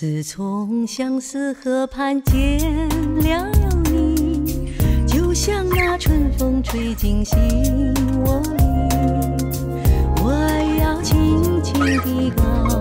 自從相思河畔見了你，就像那春風吹進心窩裡，我要輕輕地告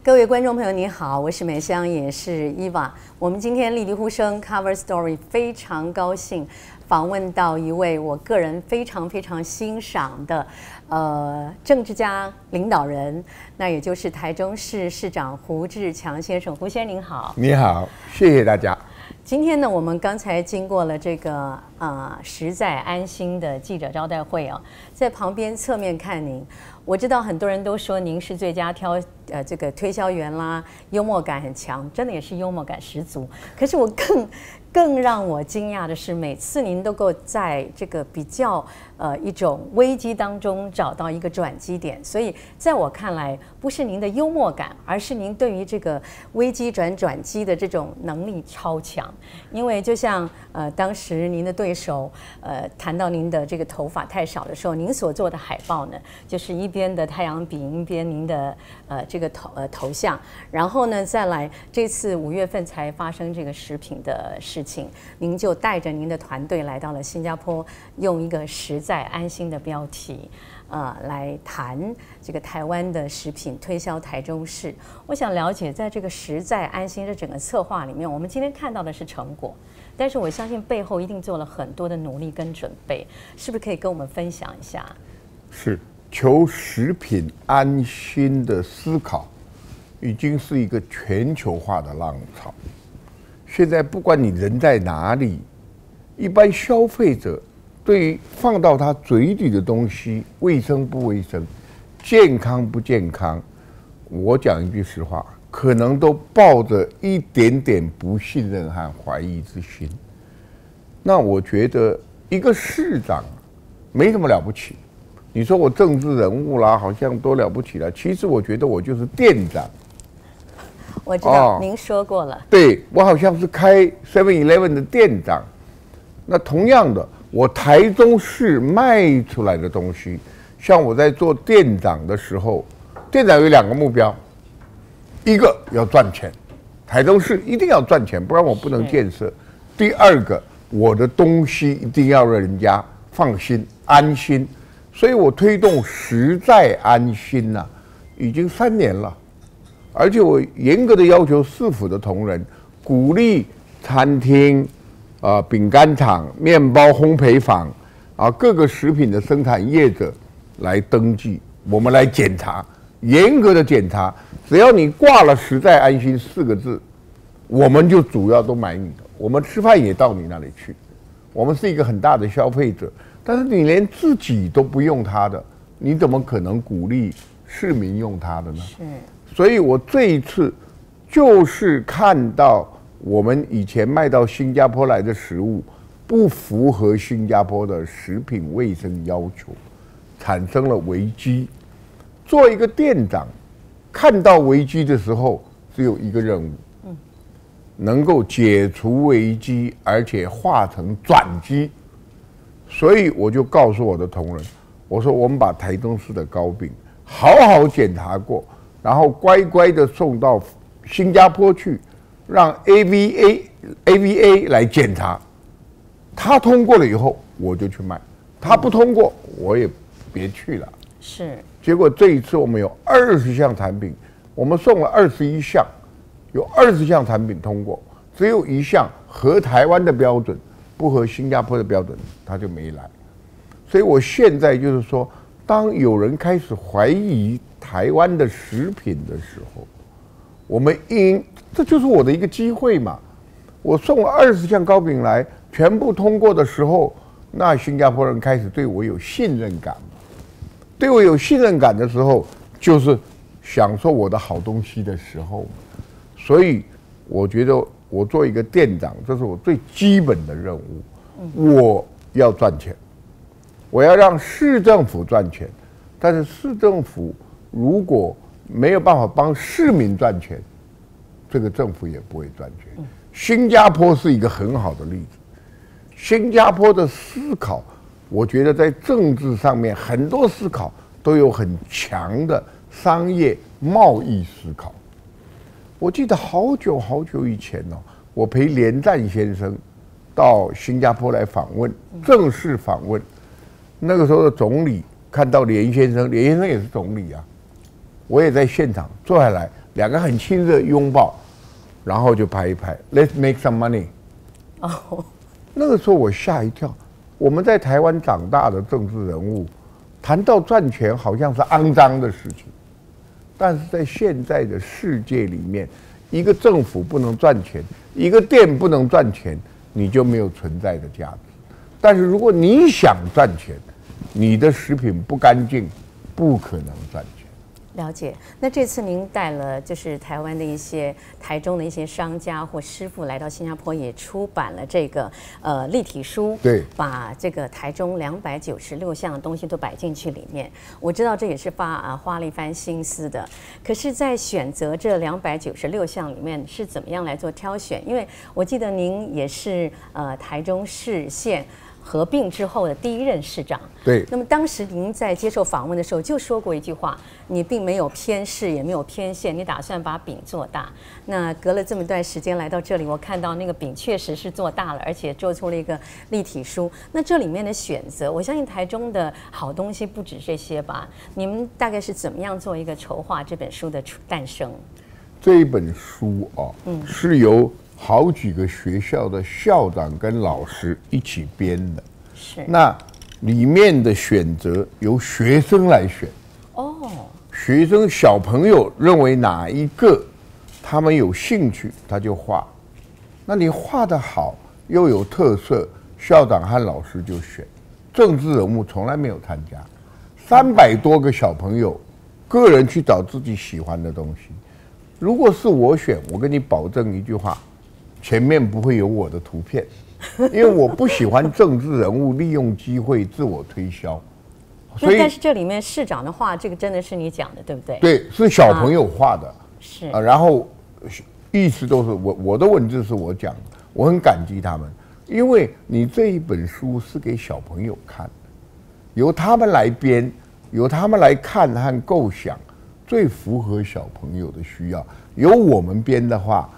各位觀眾朋友，你好，我是美香，也是伊娃。我們今天立地呼聲 Cover Story 非常高興訪問到一位我個人非常非常欣賞的呃政治家領導人，那也就是台中市市長胡志強先生。胡先生您好，你好，謝謝大家。今天呢，我們剛才經過了這個啊、呃，實在安心的記者招待會哦，在旁邊側面看您，我知道很多人都說您是最佳挑呃這個推銷員啦，幽默感很強，真的也是幽默感十足。可是我更。更讓我驚訝的是，每次您都夠在這個比較呃一種危機當中找到一個轉機點，所以在我看來，不是您的幽默感，而是您對於這個危機轉轉機的這種能力超強。因為就像呃當時您的對手呃談到您的這個頭髮太少的時候，您所做的海報呢，就是一邊的太陽餅，一邊您的呃這個頭呃頭像，然後呢，再來這次五月份才發生這個食品的食事情，您就帶着您的團隊來到了新加坡，用一個實在安心的標題，啊、呃、來談這個台灣的食品推銷台中市。我想了解，在這個實在安心的整個策劃裡面，我們今天看到的是成果，但是我相信背後一定做了很多的努力跟準備，是不是可以跟我們分享一下？是，求食品安心的思考，已經是一個全球化的浪潮。現在不管你人在哪裡，一般消費者對於放到他嘴裡的東西，衛生不衛生、健康不健康，我講一句實話，可能都抱着一點點不信任和懷疑之心。那我覺得一個市長沒什麼了不起，你說我政治人物啦，好像多了不起了。其實我覺得我就是店長。我知道、哦、您說過了。對我好像是開 Seven Eleven 的店長。那同樣的，我台中市賣出來的東西，像我在做店長的時候，店長有兩個目標，一個要賺錢，台中市一定要賺錢，不然我不能建設。第二個，我的東西一定要讓人家放心、安心，所以我推動實在安心吶、啊，已經三年了。而且我嚴格的要求市府的同仁，鼓勵餐廳、啊、呃、餅乾廠、麵包烘焙坊、啊各個食品的生產業者來登記，我們來檢查，嚴格的檢查。只要你掛了“食在安心”四個字，我們就主要都買你的。我們吃飯也到你那裡去，我們是一個很大的消費者。但是你連自己都不用它的，你怎麼可能鼓勵市民用它的呢？是。所以我這一次就是看到我們以前賣到新加坡來的食物不符合新加坡的食品衛生要求，產生了危機。做一個店長，看到危機的時候，只有一個任務，能夠解除危機，而且化成轉機。所以我就告訴我的同仁，我說，我們把台中市的糕餅好好檢查過。然後乖乖的送到新加坡去，讓 AVA AVA 來檢查，他通過了以後我就去賣，他不通過我也別去了。是。結果這一次我們有二十項產品，我們送了二十一項，有二十項產品通過，只有一項合台灣的標準，不合新加坡的標準，他就沒來。所以我現在就是說。當有人開始懷疑台灣的食品的時候，我們應，這就是我的一個機會嘛。我送了二十箱糕餅來，全部通過的時候，那新加坡人開始對我有信任感。對我有信任感的時候，就是享受我的好東西的時候。所以我覺得我做一個店長，這是我最基本的任務。我要賺錢。我要讓市政府賺錢，但是市政府如果沒有辦法幫市民賺錢，這個政府也不會賺錢。新加坡是一個很好的例子。新加坡的思考，我覺得在政治上面很多思考都有很強的商業貿易思考。我記得好久好久以前呢、哦，我陪連戰先生到新加坡來訪問，正式訪問。那個時候的總理看到連先生，連先生也是總理啊，我也在現場坐下來，兩個很親熱擁抱，然後就拍一拍，Let's make some money。哦，那個時候我嚇一跳，我們在台灣長大的政治人物，談到賺錢好像是骯髒的事情，但是在現在的世界裡面，一個政府不能賺錢，一個店不能賺錢，你就沒有存在的價值。但是如果你想賺錢，你的食品不乾淨，不可能賺錢。了解。那這次您帶了就是台灣的一些台中的一些商家或師傅來到新加坡，也出版了這個呃立體書，對，把這個台中兩百九十六項的東西都擺進去裡面。我知道這也是發啊花了一番心思的。可是，在選擇這兩百九十六項裡面是怎麼樣來做挑選？因為我記得您也是呃台中市縣合併之後的第一任市長。對。那麼當時您在接受訪問的時候就說過一句話：“你並沒有偏市，也沒有偏縣，你打算把餅做大。”那隔了這麼一段時間來到這裡，我看到那個餅確實是做大了，而且做出了一個立體書。那這裡面的選擇，我相信台中的好東西不止這些吧？你們大概是怎麼樣做一個籌劃這本書的誕生？這本書啊，嗯，是由。好幾個學校的校長跟老師一起編的，是，那裡面的選擇由學生來選，哦、oh.，學生小朋友認為哪一個他們有興趣，他就畫。那你畫得好又有特色，校長和老師就選。政治人物從來沒有參加。三百多個小朋友個人去找自己喜歡的東西。如果是我選，我跟你保證一句話。前面不會有我的圖片，因為我不喜歡政治人物利用機會自我推銷。所以，但是這裡面市長的話，這個真的是你講的，對不對？對，是小朋友畫的。啊是啊、呃，然後意思都是我我的文字是我講的，我很感激他們，因為你這一本書是給小朋友看，由他們來編，由他們來看和構想，最符合小朋友的需要。由我們編的話。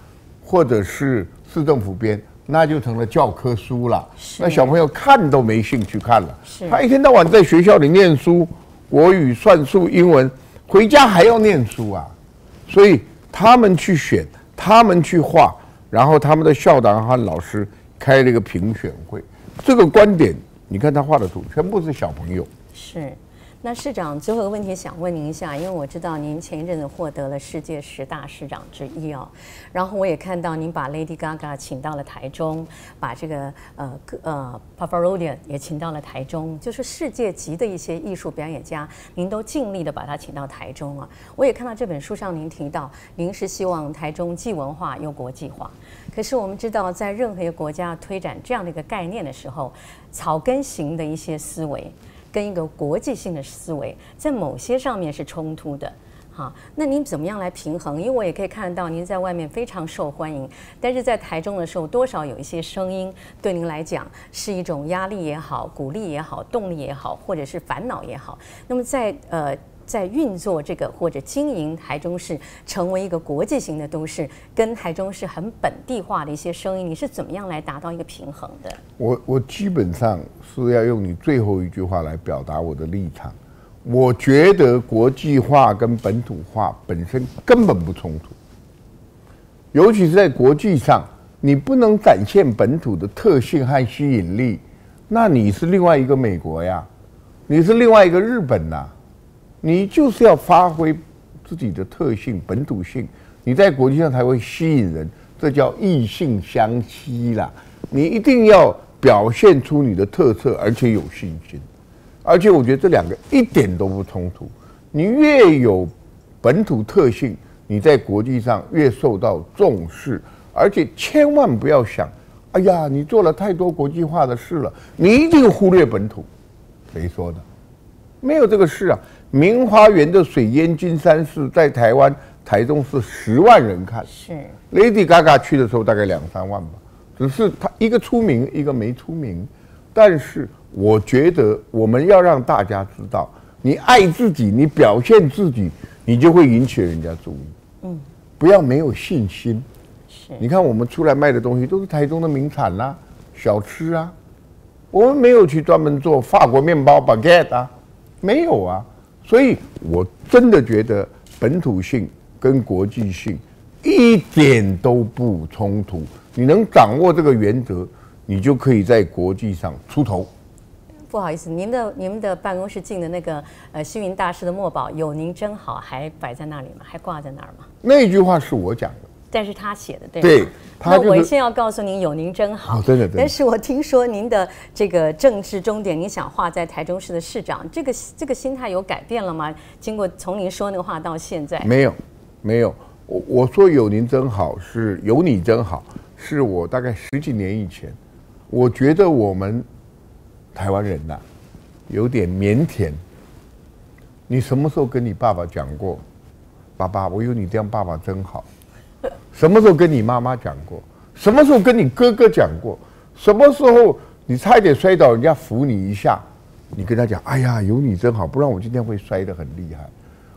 或者是市政府編，那就成了教科書了。那小朋友看都沒興趣看了。他一天到晚在學校裡念書，國語、算術、英文，回家還要念書啊。所以他們去選，他們去畫，然後他們的校長和老師開了一個評選會。這個觀點，你看他畫的圖，全部是小朋友。是。那市長，最後一個問題想問您一下，因為我知道您前一陣子獲得了世界十大市長之一哦，然後我也看到您把 Lady Gaga 請到了台中，把這個呃呃 Pavarotti 也請到了台中，就是世界級的一些藝術表演家，您都盡力的把他請到台中了，啊。我也看到這本書上您提到，您是希望台中既文化又國際化。可是我們知道，在任何一個國家推展這樣的一個概念的時候，草根型的一些思維。跟一個國際性的思維，在某些上面是衝突的，哈。那您怎麼樣來平衡？因為我也可以看得到您在外面非常受歡迎，但是在台中的時候，多少有一些聲音對您來講是一種壓力也好、鼓勵也好、動力也好，或者是煩惱也好。那麼在呃。在運作這個或者經營台中市，成為一個國際型的都市，跟台中市很本地化的一些聲音，你是怎麼樣來達到一個平衡的？我我基本上是要用你最後一句話來表達我的立場。我覺得國際化跟本土化本身根本不衝突，尤其是在國際上，你不能展現本土的特性和吸引力，那你是另外一個美國呀，你是另外一個日本吶啊。你就是要發揮自己的特性、本土性，你在國際上才會吸引人，這叫異性相吸啦。你一定要表現出你的特色，而且有信心，而且我覺得這兩個一點都不衝突。你越有本土特性，你在國際上越受到重視，而且千萬不要想，哎呀，你做了太多國際化的事了，你一定忽略本土。誰說的？沒有這個事啊。明花園的水淹金山是，在台灣台中是十萬人看，是 Lady Gaga 去的時候大概兩三萬吧。只是他一個出名，一個沒出名。但是我覺得我們要讓大家知道，你愛自己，你表現自己，你就會引起人家注意。嗯，不要沒有信心。是，你看我們出來賣的東西都是台中的名產啦、啊，小吃啊，我們沒有去專門做法國麵包 Baguette 啊，沒有啊。所以，我真的覺得本土性跟國際性一點都不衝突。你能掌握這個原則，你就可以在國際上出頭。不好意思，您的、你們的辦公室進的那個呃星雲大師的墨寶“有您真好”還擺在那裡嗎？還掛在那兒嗎？那句話是我講的。但是他寫的對嗎？對他、就是，那我先要告訴您，有您真好。對、哦，對的，對的，對，但是我聽說您的這個政治終點，您想畫在台中市的市長，這個這個心態有改變了嗎？經過從您說那話到現在，沒有，沒有。我我說有您真好，是有你真好，是我大概十幾年以前，我覺得我們台灣人吶、啊、有點靦腆。你什麼時候跟你爸爸講過，爸爸，我有你這樣爸爸真好？什麼時候跟你媽媽講過？什麼時候跟你哥哥講過？什麼時候你差一點摔倒，人家扶你一下，你跟他講：“哎呀，有你真好，不然我今天會摔得很厲害。”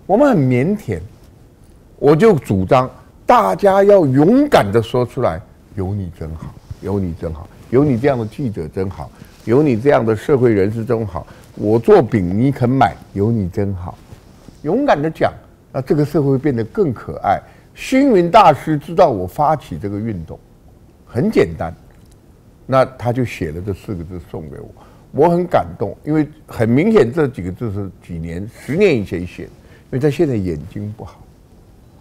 我們很靦腆，我就主張大家要勇敢地說出來：“有你真好，有你真好，有你這樣的記者真好，有你這樣的社會人士真好。我做餅，你肯買，有你真好。”勇敢地講，那這個社會變得更可愛。星雲大師知道我發起這個運動，很簡單，那他就寫了這四個字送給我，我很感動，因為很明顯這幾個字是幾年、十年以前寫的，因為他現在眼睛不好，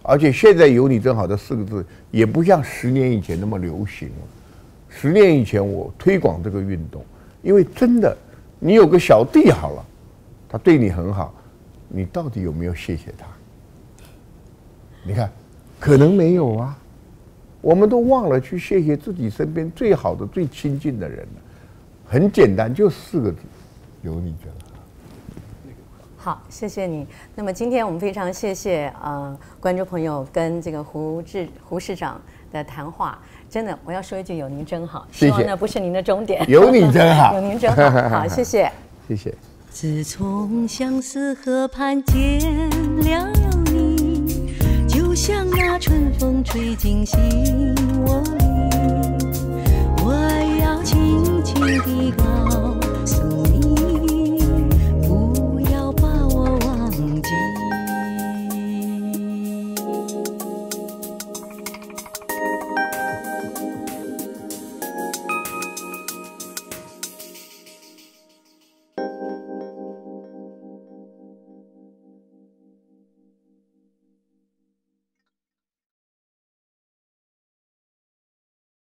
而且現在有你正好這四個字也不像十年以前那麼流行了。十年以前我推廣這個運動，因為真的，你有個小弟好了，他對你很好，你到底有沒有謝謝他？你看。可能沒有啊，我們都忘了去謝謝自己身邊最好的、最親近的人了。很簡單，就四個字：有你真好。好，謝謝你。那麼今天我們非常謝謝呃，觀眾朋友跟這個胡志胡市長的談話。真的，我要說一句：有您真好謝謝。希望那不是您的終點。有你真好。 有您真好。 好， 謝謝。謝謝。自從相思河畔見了。像那春風吹進心窩裡，我要輕輕地告